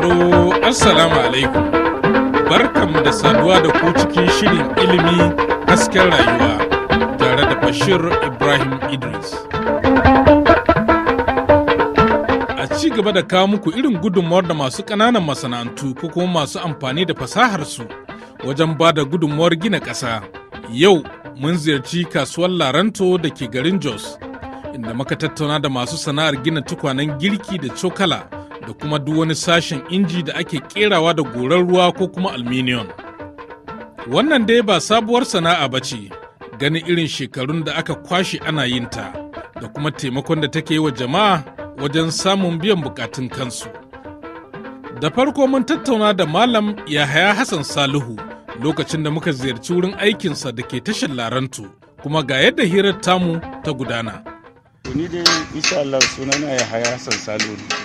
sauraro Assalamu alaikum. Barkam da saduwa da ku cikin shirin ilimi hasken rayuwa tare da Bashir Ibrahim Idris. A ci gaba da kawo muku irin gudunmawar da masu ƙananan masana'antu ko kuma masu amfani da fasahar su wajen ba da gudunmawar gina ƙasa. Yau mun ziyarci kasuwar Laranto da ke garin Jos, inda maka tattauna da masu sana'ar gina tukwanen girki da cokala. da kuma duk wani sashen inji da ake kerawa da goran ruwa ko kuma alminiyon. Wannan dai ba sabuwar sana'a ba ce, ganin irin shekarun da aka kwashe ana yin ta, da kuma taimakon da take yi wa jama'a wajen samun biyan bukatun kansu. Da farko mun tattauna da Malam Yahaya Hassan Salihu lokacin da muka ziyarci wurin aikinsa da ke tashin Larantu, kuma ga yadda hirar tamu ta gudana. Ni dai, Insha Allah sunana Yahaya Hassan Salihu.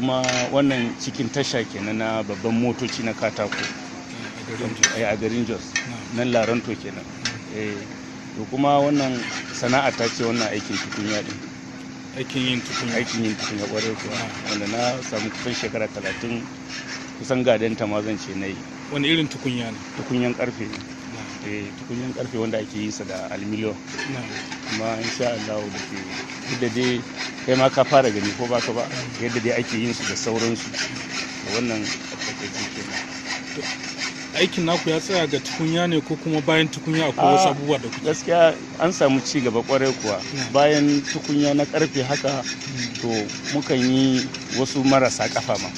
kuma wannan cikin tasha kenan na babban motoci na katako eh, a garin jos nan laranto kenan eh, to kuma wannan sana'a ta ce wannan aikin tukunya din aikin yin tukunya aikin yin tukunya kwarai kuwa wanda na samu kusan shekara talatin kusan gadon ta ma zan ce na yi wani irin tukunya ne tukunyan karfe ne eh, tukunyan karfe wanda ake yi sa da almiliyon kuma insha Allah da ke yadda dai kai ma ka fara gani ko baka ba yadda dai ake yin su da sauransu da wannan aikin naku ya tsaya ga tukunya ne ko kuma bayan tukunya akwai wasu ah, abubuwa da kuke gaskiya an samu ci gaba kwarai kuwa hmm. bayan tukunya na karfe haka hmm. to mukan yi wasu marasa kafa ma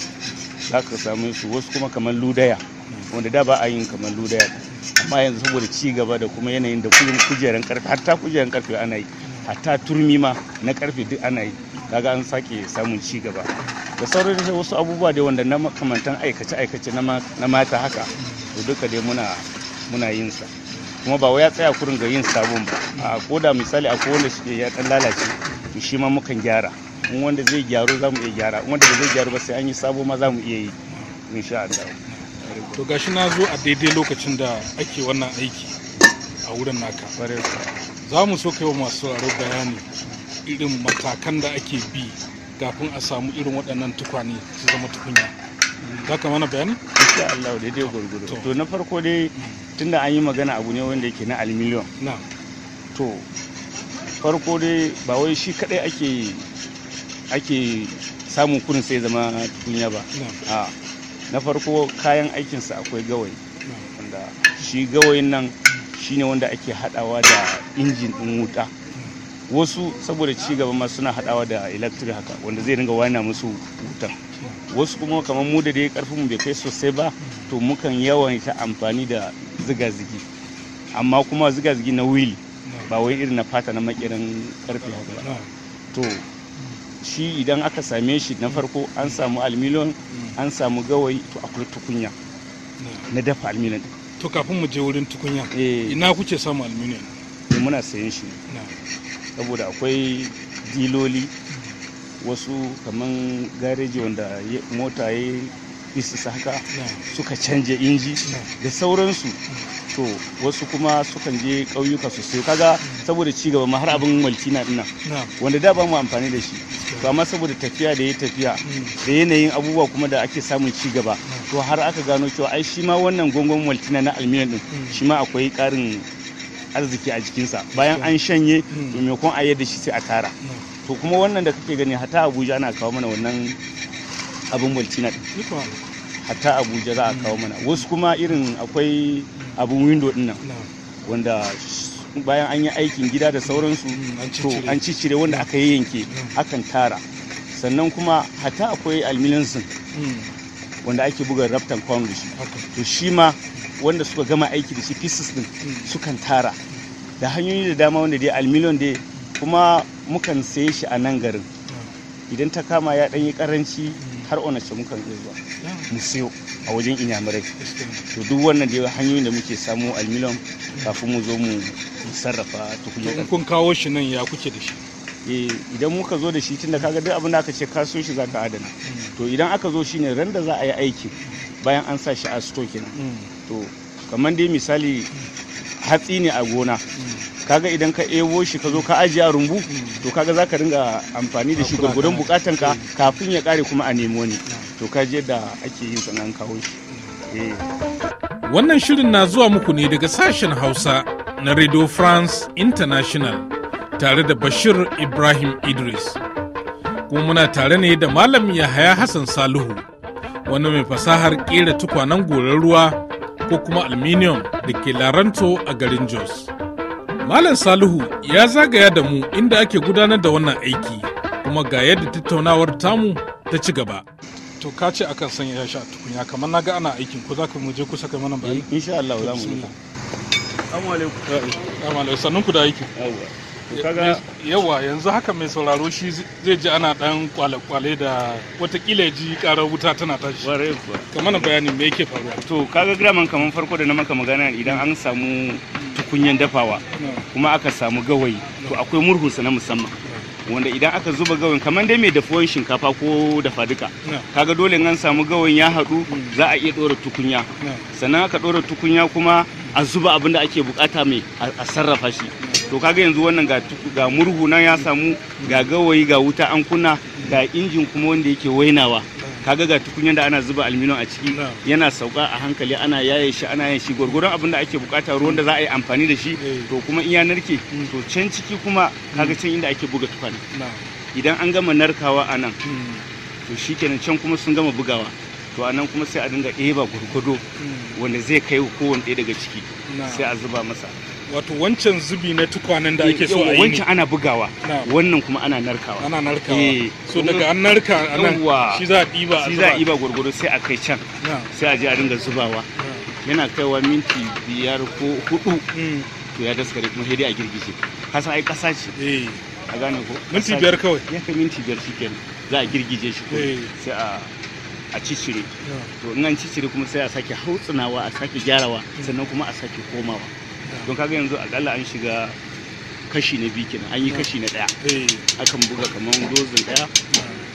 za ka samu su wasu kuma kamar ludaya wanda da ba a yin kamar ludaya amma yanzu saboda ci gaba da kuma yanayin da kuma kujeran karfe hatta kujeran karfe ana yi hatta turmi ma na karfe duk ana yi kaga an sake samun ci gaba da sauran da wasu abubuwa da wanda na makamantan aikace aikace na mata haka to duka dai muna muna yin sa kuma ba wai ya tsaya kurin ga yin sabon ba a koda misali a wanda shi ya dan lalace to shi ma mukan gyara in wanda zai gyaru za mu iya gyara wanda ba zai gyaru ba sai an yi sabo ma za mu iya yi insha Allah to gashi na zo a daidai lokacin da ake wannan aiki a wurin naka za mu so kai wa masu sauraro bayani irin matakan da ake bi kafin a samu irin waɗannan tukwane su zama tukunya za ka mana bayani? insha Allah daidai gurgudu to na farko dai tunda an yi magana abu ne wanda yake na almiliyon to farko dai ba wai shi kadai ake ake samun kurin sai zama tukunya ba na farko kayan aikinsa akwai gawayi wanda shi gawayin nan shine wanda ake hadawa da injin din wuta wasu saboda ci gaba ma suna hadawa da electric haka wanda zai ringa wana musu wutan wasu kuma kamar mu da dai karfin mu bai kai sosai ba to mukan yawan ta amfani da ziga-zigi amma kuma ziga-zigi na wil ba wai irin na fata na makirin karfe haka ba to shi idan aka same shi na farko an samu almilon an samu gawayi to akwai tukunya na dafa almilon to kafin mu je wurin tukunya eh. ina kuke samu almilon eh, muna sayan shi saboda akwai diloli wasu kamar gareji wanda mota ya isis haka suka canja inji da sauransu to wasu kuma sukan je ƙauyuka su sai kaga saboda ci gaba ma har abin maltina dinnan wanda da ba mu amfani da shi to amma saboda tafiya da ya tafiya da yanayin abubuwa kuma da ake samun ci gaba to har aka gano cewa ai shi ma wannan gongon maltina na almiyan din shi ma akwai ƙarin arziki a jikinsa bayan an shanye maimakon a yadda shi sai a tara to kuma wannan da kake gani hata abuja ana kawo mana wannan abin walcina hatta abuja za a kawo mana wasu kuma irin akwai abin windo din nan wanda bayan an yi aikin gida da sauransu mm, to an cicire wanda aka yi yanke mm. akan tara sannan kuma hatta akwai almilinsin mm. wanda ake buga raftan kwano da shi to shi ma wanda suka gama aiki da shi pieces din sukan tara da hanyoyi da dama wanda dai almiliyon dai kuma mukan saye shi a nan garin idan ta kama ya ɗanyi karanci har onarsa muka iya zuwa mu siyo a wajen inyamurai to duk wannan da hanyoyin da muke samu almilon kafin mu zo mu sarrafa in kun kawo shi nan ya kuke da shi eh, idan muka zo da shi tunda kaga duk abin da aka ce ka so shi zaka adana mm. to idan aka zo shine ran da za a yi aiki bayan an sa shi a sto mm. to kamar dai misali mm. hatsi ne a gona kaga idan ka ewo shi ka zo ka ajiye a rumbu to kaga za ka dinga amfani da shi gwargwadon bukatan ka eh. kafin ya kare kuma a nemo ne to ka je da ake yin sannan kawo shi eh. wannan shirin na zuwa muku ne daga sashen hausa na radio france international tare da bashir ibrahim idris kuma muna tare ne da malam yahaya hassan saluhu wani mai fasahar kera tukwanen goron ruwa ko kuma aluminium da ke laranto a garin jos Malam Salihu ya zagaya da mu inda ake gudanar da wannan aiki kuma ga yadda tattaunawar tamu ta ci gaba. To ka ce akan sanya ya a tukunya kamar na ga ana aikin ko za ka mu je kusa kai mana bayani? Eh, insha Allah za mu Assalamu alaikum. Sannun ku da aiki. Yawa yanzu haka mai sauraro shi zai ji ana dan kwale-kwale da watakila ji karar wuta tana tashi. Kamar bayani me yake faruwa? To kaga graman kamar farko da na maka magana idan an samu tukunyan dafawa kuma aka samu gawayi to akwai murhunsa na musamman wanda idan aka zuba gawain kamar dai mai dafuwan shinkafa ko dafa duka kaga dole an samu gawayin ya haɗu mm. za a iya ɗora tukunya sannan aka dora tukunya kuma a zuba abin da ake bukata mai a sarrafa shi to kaga yanzu wannan ga murhu nan ya samu mm. ga gawayi ga wuta an kuna mm. ga injin kuma wanda yake wainawa kaga ga tukunyar da ana zuba alminon a ciki yana sauka a hankali ana yaye shi ana yin shi gwargwaron abin da ake bukata ruwan da za a yi amfani da shi eh. to kuma in ya narke hmm. to can ciki kuma hmm. kaga can inda ake buga tukwane idan an gama narkawa a nan hmm. to shikenan can kuma sun gama bugawa to anan kuma sai a dinga ɗeba gurgudo wanda zai kai kowane ɗaya daga ciki sai a zuba masa wato wancan zubi na tukwanen da ake so a yi wancan ana bugawa wannan kuma ana narkawa ana narkawa eh, so daga an narka anan shi za a diba shi za a diba gurguru sai a kai can sai a je a dinga zubawa yana kaiwa minti biyar ko hudu mm. to ya daskare kuma sai dai a girgije kasan ai kasa ce eh. a gane ko minti biyar kawai ya kai minti biyar shikenan za a girgije shi ko eh. sai a a cicire to in an cicire kuma sai a sake hautsinawa a sake gyarawa mm. sannan kuma a sake komawa don kaga yanzu akalla an shiga kashi na biyu kenan an yi kashi na daya eh. akan buga kamar dozin daya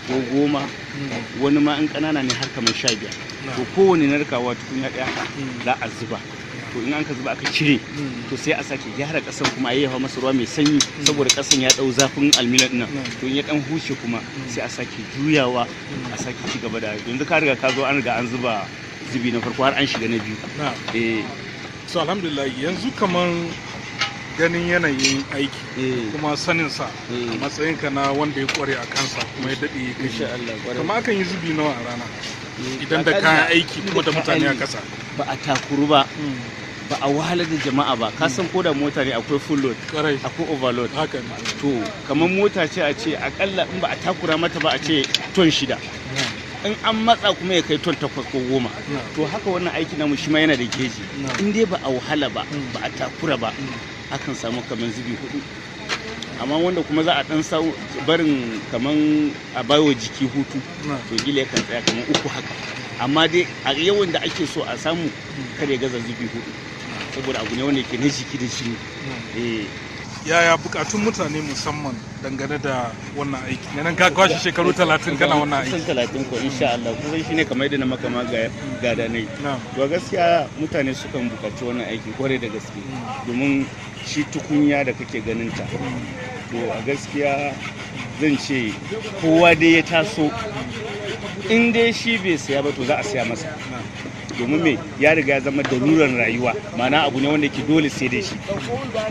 ko hmm. goma hmm. wani ma in kanana ne har kamar sha biyar hmm. to kowane narkawa ya daya za a zuba to in an ka zuba aka cire to sai a sake gyara kasan kuma a yawa masa ruwa mai sanyi saboda kasan ya dau zafin almilan nan to in ya dan huce kuma sai a sake juyawa a sake ci gaba da yanzu ka riga ka zo an riga an zuba zubi na farko har an shiga na biyu eh so alhamdulillah yanzu kamar ganin yanayin aiki eh. kuma sanin sa eh. a matsayin ka na wanda ya kware a kansa kuma ya daɗe ya kama akan yi zubi nawa a rana eh, idan da kayan aiki kuma da mutane a kasa ba a takuru ba hmm. ba a wahalar da jama'a ba ka san hmm. ko da mota ne akwai full load akwai overload to kamar mota ce a ce akalla in ba a takura mata ba a ce ton shida in an matsa kuma ya kai ton takwas ko goma to haka wannan aiki namu shi ma yana da keji, in dai ba a wahala ba mm. ba a takura ba mm. akan samu kamar zubi hudu amma wanda kuma za a dan barin kamar a bayo jiki hutu to gila yakan tsaya kamar uku haka amma dai a yawan da ake so a samu mm. kare gaza zubi hudu saboda abu ne wanda ke na jiki da jini eh. yaya bukatun mutane musamman dangane da wannan aiki yanan ka kwashi shekaru 30 kana wannan aiki kusan 30 ko insha Allah sai shine kamar yadda na maka ma ga da ne to gaskiya mutane sukan bukaci wannan aiki kware da gaske mm. domin shi tukunya da kake ganin ta to a gaskiya zan ce kowa dai ya taso mm. in dai shi bai saya ba to za a saya masa domin me ya riga ya zama daruran rayuwa ma'ana abu ne wanda ke dole sai da shi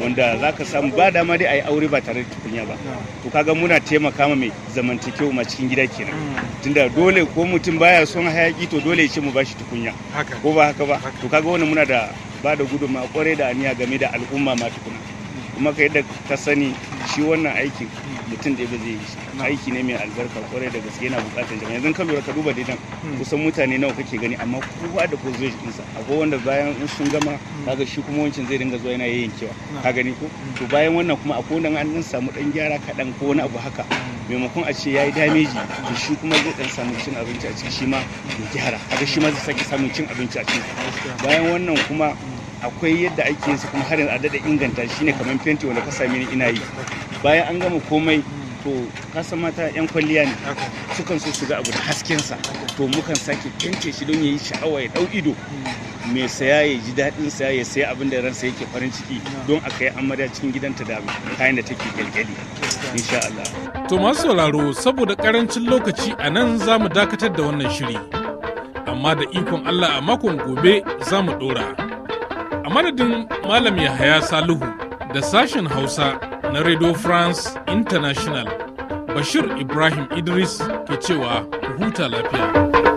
wanda za ka samu ba dama dai a yi aure ba tare da tukunya ba to kaga muna taimaka ma mai zamantakewa ma cikin gida kenan mm. tunda dole ko mutum baya son hayaki to dole ya ce mu bashi tukunya ko ba haka ba to kaga wannan muna da ba da gudunmawa kwarai da aniya game da al'umma ma tukuna kuma kai da ka sani shi wannan aikin mutum da ba zai yi aiki ne mai albarka kwarai da gaske yana bukatar jama'a yanzu ka lura ka duba didan hmm. kusan mutane nawa kake gani amma kowa da zai ɗinsa akwai wanda bayan sun gama hmm. kaga shi kuma wancan zai dinga zuwa yana yayin kewa ka gani ko hmm. to bayan wannan kuma akwai wanda an dan samu dan gyara kaɗan ko wani abu haka maimakon a ce ya yi dameji to shi kuma zai dan samu cin abinci a ciki shi ma ya gyara kaga shi ma zai sake samun cin abinci a ciki bayan wannan kuma akwai yadda ake su kuma har yanzu a daɗa inganta shi ne kamar fenti wanda ka mini ni ina yi bayan an gama komai to kasan mata yan kwalliya ne sukan so su ga abu da sa to mukan sake fenti shi don yayi sha'awa ya ɗau ido me saya ya ji daɗin saya ya saya abin da ransa yake farin ciki don a yi amarya cikin gidanta da kayan da take kyalkyali insha Allah. To masu sauraro saboda karancin lokaci a nan za mu dakatar da wannan shiri amma da ikon Allah a makon gobe za mu ɗora. a madadin malam yahaya salihu da sashen hausa na radio france international bashir ibrahim idris ke cewa huta lafiya